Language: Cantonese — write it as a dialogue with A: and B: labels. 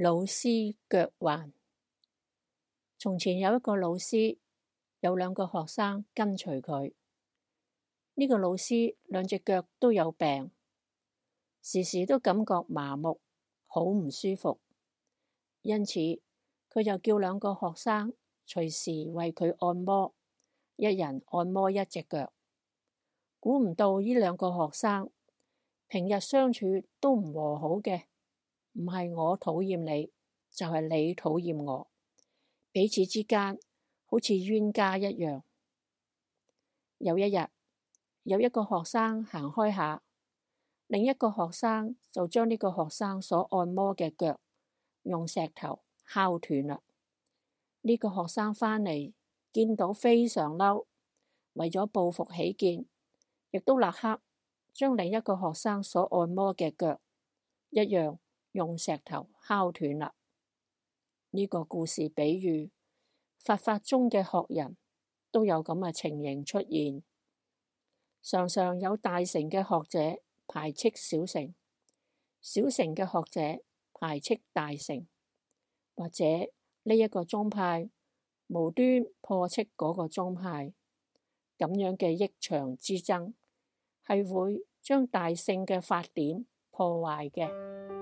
A: 老師腳患。從前有一個老師，有兩個學生跟隨佢。呢個老師兩隻腳都有病，時時都感覺麻木，好唔舒服。因此，佢就叫兩個學生隨時為佢按摩，一人按摩一隻腳。估唔到呢兩個學生平日相處都唔和好嘅。唔係我討厭你，就係、是、你討厭我，彼此之間好似冤家一樣。有一日，有一個學生行開下，另一個學生就將呢個學生所按摩嘅腳用石頭敲斷啦。呢、這個學生返嚟見到非常嬲，為咗報復起見，亦都立刻將另一個學生所按摩嘅腳一樣用石頭敲斷啦！呢、這個故事比喻，佛法，法中嘅學人都有咁嘅情形出現。常常有大乘嘅學者排斥小乘，小乘嘅學者排斥大乘，或者呢一個宗派無端破斥嗰個宗派，咁樣嘅意氣之爭係會將大乘嘅法典破壞嘅。